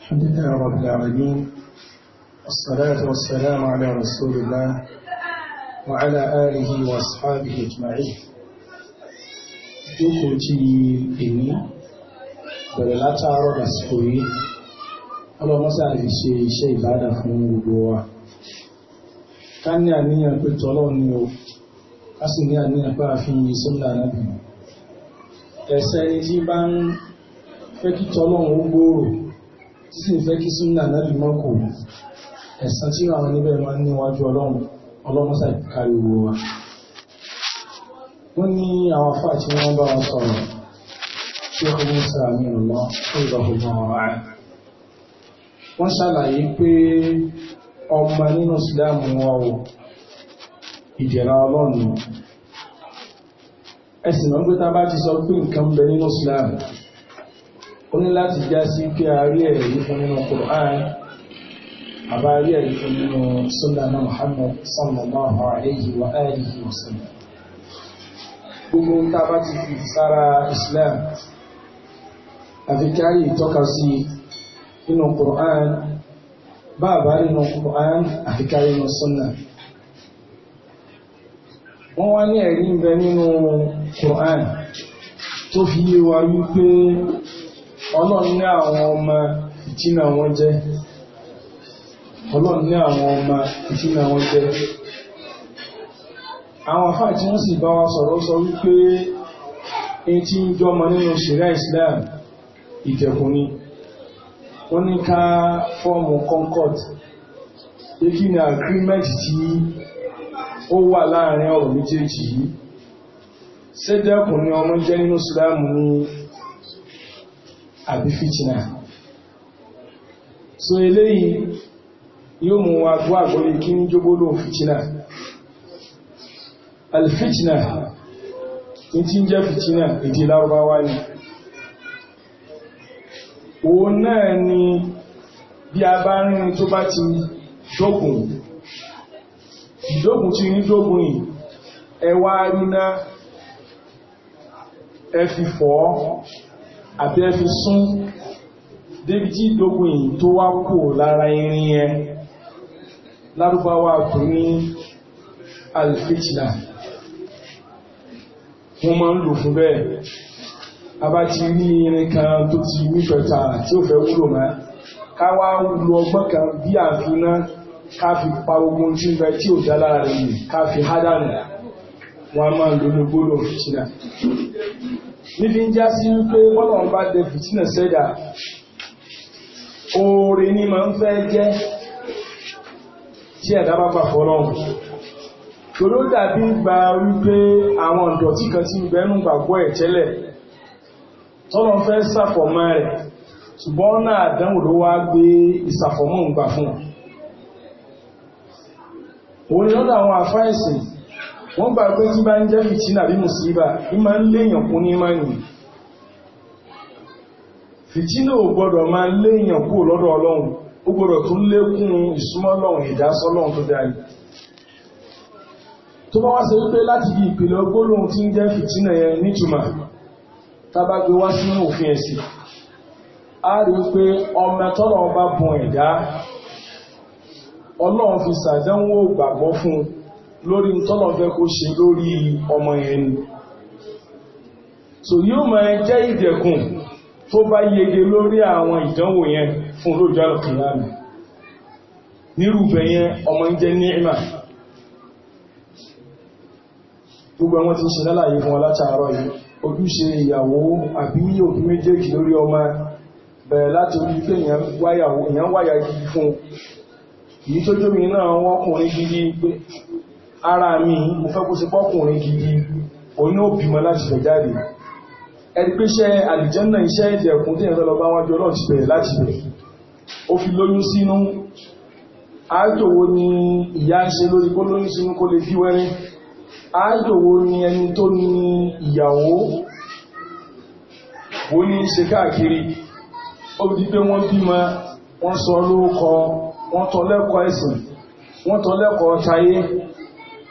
الحمد لله رب العالمين والصلاة والسلام على رسول الله وعلى آله وأصحابه أجمعين jókòó tí èmi bẹ̀rẹ̀ látàárọ̀ lásìkò yìí ọlọ́mọ́sá lè ṣe iṣẹ́ ìbádà fún gbogbo wa ká ní àníyàn pé tọ́lọ́ ni o ká sì ní àníyàn pé àfihàn ìsọ́lá náà ẹ̀sẹ̀ ni tí bá ń fẹ́ kí tọ́lọ́ ń gbòòrò tí sì fẹ́ kí súnà náàbì mọ́ kò ẹ̀san tí àwọn níbẹ̀ máa ń níwájú ọlọ́run ọlọ́mọ́sà kárí owó wa wọ́n ní àwọn afá tí wọ́n bá wọn sọ̀rọ̀ tí ó kún sí àmì ọ̀lọ́ ẹ̀sìn lọ́gbẹ́ta bá ti sọ pé nǹkan bẹ nínú ìsìláàmù ó ní láti já sí pé a rí ẹ̀rí fún nínú Qur'an àbá rí ẹ̀rí fún nínú sunnah Muhammad sallallahu alayhi wa alihi wa sallam gbogbo tá a bá ti fi sára nínú Qur'an bá nínú Qur'an wọ́n wá ní ẹ̀rí ń bẹ nínú Qur'an tó fi yé wa wípé ọlọ́run ní àwọn ọmọ ìtínà wọn jẹ́ ọlọ́run ní àwọn ọmọ ìtínà wọn jẹ́ àwọn àfáà tí wọ́n sì bá wa sọ̀rọ̀ sọ wípé èyí tí ń jọmọ nínú ṣẹ̀ríà Islam ìjẹ̀kùn ni wọ́n ní ká fọ́ọ̀mù concord èkí ni agreement tí ó wà láàrin ọ̀rọ̀ méjèèjì yìí ṣẹ́jẹ́kùn ni ọmọ jẹ́ nínú Islam ni àbí fìtínà so eléyìí yóò mú wa gbọ́ àgbọ́lé kí njogolo jógbóló Ali alfitna ní tí ń jẹ́ fìtínà èdè lárúbáwá ni òun náà ni bí a bá rí tó bá ti dógùn dógùn tí ní fi àbí ẹ fi sún débi tí ìdógún yìí tó wá kò lára irin ẹ lárúbáwá tó ní alfitna wọ́n máa ń lò fún bẹ́ẹ̀ a bá ti rí irin kan tó ti nífẹ̀ẹ́ta tí ó fẹ́ wúlò máa káwá lu ọgbọ́n kan bí àfiná ká fi pa ogun tí ń bẹ tí ò dá rẹ̀ ká fi hádànù wọ́n máa lò ní gbólóhùn níbi ń já sí wípé bọ́lọ̀n bá dé fìtínà sẹ́dà oore ní ma ń fẹ́ jẹ́ tí ẹ̀dá bá pàpọ̀ lọ́wọ́ tòró dàbí gba wípé àwọn ìdọ̀tí kan ti bẹ̀rù gbàgbọ́ ẹ̀ tẹ́lẹ̀ tọ́lọ fẹ́ sàfọ̀mọ́ rẹ̀ ṣùgbọ́n náà àdánwò ló wá gbé ìsàfọ̀mọ́ ń gbà fún wọ́n gbà pé tí bá ń jẹ́ fìtínà bí mùsíbà ma ń léèyàn kún ní máa nì fìtínà ò gbọ́dọ̀ ma ń léèyàn kú lọ́dọ̀ ọlọ́run ó gbọ́dọ̀ tún lékún ìsúmọ́lọ́run ìdásọ́lọ́run tó dáyì tó bá wá ṣe wípé láti bí ìpìlẹ̀ ọgbólóhun lórí tọ́lọ̀ fẹ́ kó ṣe lórí ọmọ yẹn so yóò máa jẹ́ ìdẹ̀kùn tó bá yege lórí àwọn ìdánwò yẹn fún lóòjọ́ alùkìyàmì nírùbẹ̀ yẹn ọmọ ń jẹ́ ní'mà gbogbo àwọn tí ń ṣe lálàyé fún wọn látàárọ̀ yìí ojúṣe ìyàwó àbí òbí méjèèjì lórí ọmọ bẹ̀rẹ̀ láti orí pé èèyàn wáyà gidi fún èyí tó jómi náà wọ́n kùnrin gidi ara mi mo fẹ́ kó sí pọ́kùnrin gidi oní òbímọ láti fẹ̀ jáde ẹni pé iṣẹ́ àlìjẹ́nà iṣẹ́ ìjẹ̀kùn tí ẹ̀rọ lọ́gbà wájú ọlọ́run ti bẹ̀rẹ̀ láti bẹ̀rẹ̀ ó fi lóyún sínú ájòwò ni ìyá ń ṣe lórí kó lóyún sínú kó lè fi wẹ́rẹ́ ájòwò ni ẹni tó ní ìyàwó ó ní ṣe káàkiri ó bí pé wọ́n bímọ wọ́n sọ lórúkọ wọ́n tọ́ ẹ̀sìn wọ́n tọ́ tayé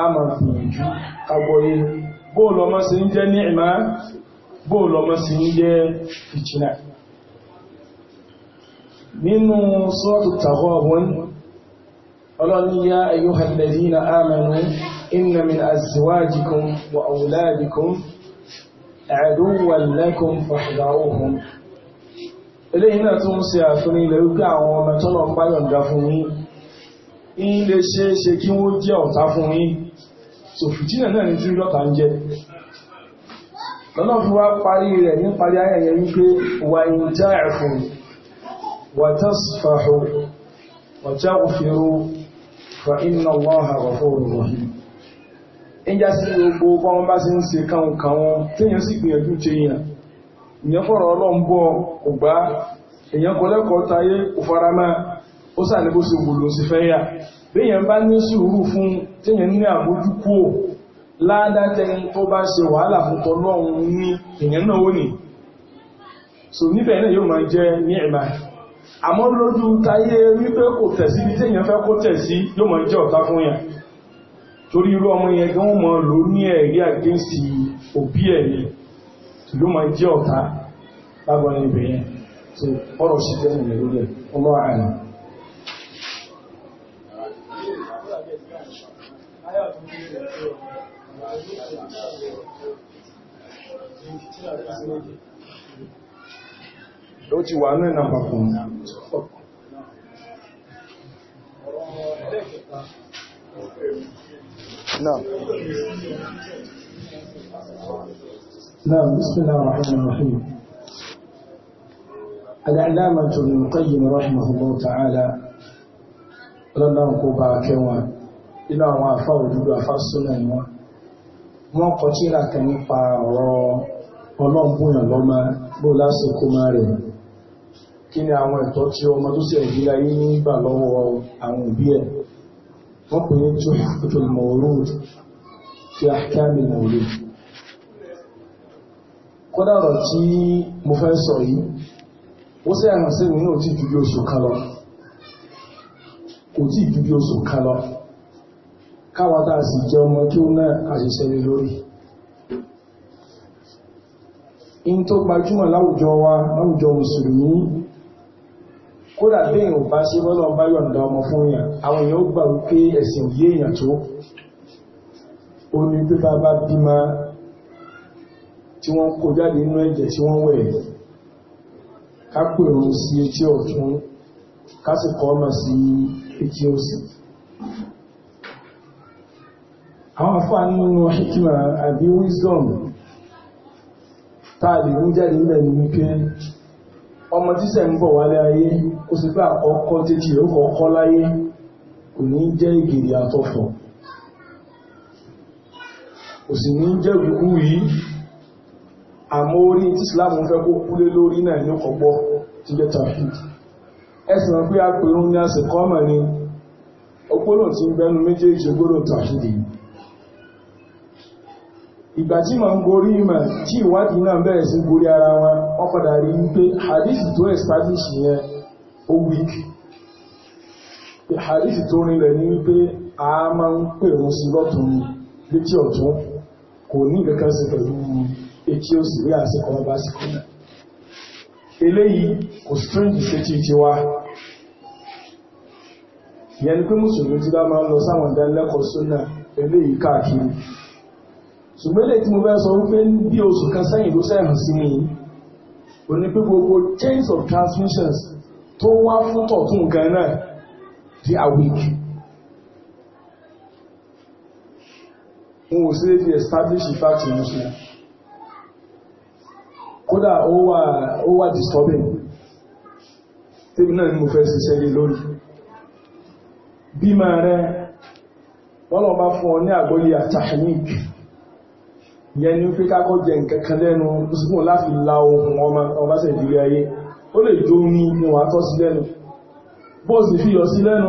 a ma gbìyànjú kagbọ́yé bóòlù ọmọ sí ń jẹ́ ní ìmá bóòlù ọmọ sí ń jẹ́ fìtínà nínú sọ́tù tàbọ̀wọ́n ọlọ́niyá ayyuhallazina amanu inna min azwajikum wa auladikum aduwwan lakum fahdharuhum eléyìn náà tún ṣe àfihàn ilẹ̀ wípé àwọn ọmọ tọ́lọ̀ ń bá fún yín in ṣe é ṣe kí wọ́n jẹ́ ọ̀tá fún yín so fìtínà náà ni tí lọ́ta ń jẹ́ lọ́nà fún wá parí rẹ̀ ní parí ayẹyẹ wípé wà ń já ẹ̀fùn wà tásfàhù wà já òfèrú fa inna Allaha ghafurur rahim ń já sí gbogbo ó ní bó ṣe sí béèyàn bá ní sùúrù fún téèyàn ní àmójúkú ò ládátẹni tó bá ṣe wàhálà fún tọ́lọ́run ní èèyàn náà ó nì so níbẹ̀ náà yóò máa jẹ́ ní ẹ̀mà àmọ́ lójú táyé wípé kò tẹ̀sí ní téèyàn fẹ́ kó tẹ̀sí yóò máa jẹ́ ọ̀tá fún yàn torí irú ọmọ yẹn gan mọ́ ló ní so ọ̀rọ̀ sí tẹ́sí lórí ẹ̀ ó ti wà náà nàbà نعم بسم الله الرحمن الرحيم العلامة ابن رحمه الله تعالى lọ́lọ́run kó bá kẹ́ wọn nínú àwọn àfá òdúdó ọlọ́mbóyàn lọ́mọ bó lásìkò máa rẹ̀ kí ni àwọn ẹ̀tọ́ tí ọmọ tó sì ẹ̀gbí ayé ní ìgbà lọ́wọ́ àwọn òbí ẹ̀ wọ́n pè ní tó ìpòtò mọ̀rúd fi àkámi mọ̀rúd kódà ọ̀rọ̀ tí mo fẹ́ sọ yìí ó sì àrùn mi lórí in tó gbajúmọ̀ láwùjọ wa láwùjọ mùsùlùmí kódà bí èèyàn bá ṣe bọ́lọ̀ bá yọ̀nda ọmọ fún èèyàn àwọn èèyàn ó gbà wípé ẹ̀sìn òye èèyàn tó ó ní pé bá bá bímá tí wọ́n kó jáde inú ẹ̀jẹ̀ tí wọ́n wẹ̀ ká òun sí etí ọ̀tún ká ọmọ sí etí òsì àwọn afọ́ àánú hikima àbí wisdom táà lè mú jáde nílẹ̀ ní wípé ọmọ tíṣẹ̀ ń bọ̀ wálé ayé kó sì pé àkọ́kọ́ títí ó kọ́kọ́ láyé kò ní jẹ́ ìgèrè àtọ́fọ̀ kò sì ní jẹ́ ìrúkú yìí àmọ́ orí tí ìsìláàmù fẹ́ kó kúlé lórí náà ní ọ̀pọ̀ tí jẹ́ tafid ẹ̀sìn pé ìgbà tí ma ń gorí ìmọ̀ tí ìwádìí náà bẹ̀rẹ̀ sí gorí ara wọn wọ́n padà rí wípé hadisi tó establish yẹn o tó rinlẹ̀ ní wípé a máa ń pèrún sí lọ́tún létí ọ̀tún kò ní ìkẹ́kẹ́ sí pẹ̀lú etí òsì rí àsìkò ọba síkò eléyìí kò strange sétí ti wá ìyẹn ni pé mùsùlùmí ti dá máa ń lọ sáwọn ìdánilẹ́kọ̀ọ́ ṣùgbọ́n lè tí mo fẹ́ sọ wípé bí oṣù kan sẹ́yìn ló sẹ́rùn sí mi o ní pé gbogbo chains of transmissions tó wá fún tọ̀tún gan náà tí a weak wọn ò sí lè establish fact in Muslim kódà ó wà disturbing tébí náà ni mo fẹ́ ṣiṣẹ́ lé lórí bí máa rẹ wọ́n lọ bá fún ọ ní àgbóyé àtàhìníkì yẹn ni pé kákọ́ jẹ nǹkan kan lẹ́nu sígbọ̀n láti la ohun ọmọ ọba sẹ̀ ìdílé ayé ó lè jó ní mo wà tọ́ sí lẹ́nu bó sì fi yọ sí lẹ́nu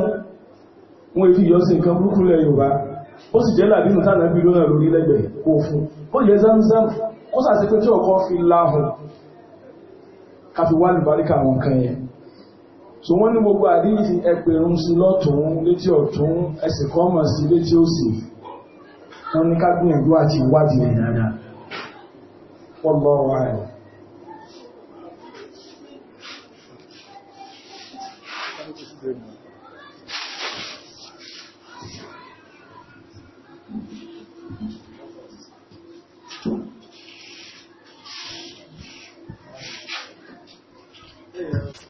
wọ́n fi yọ sí nǹkan burúkú lẹ́ Yorùbá ó sì jẹ́ làbínú tánà bí lónà lórí lẹ́gbẹ̀ẹ́ kó fún ó yẹ zamzam ó sàti pé tí ọkọ̀ fi láhùn ká fi wá nìbáríkà àwọn nǹkan yẹn so wọ́n ní gbogbo àdíyí ẹgbẹ̀rún sí lọ́tún létí ọ̀tún ẹsẹ̀ kọ́mọ̀ sí létí òsì wọ́n ní ká gbìyànjú àti ìwádìí rẹ̀ dáadáa wọ́n wà rẹ̀ Thank you.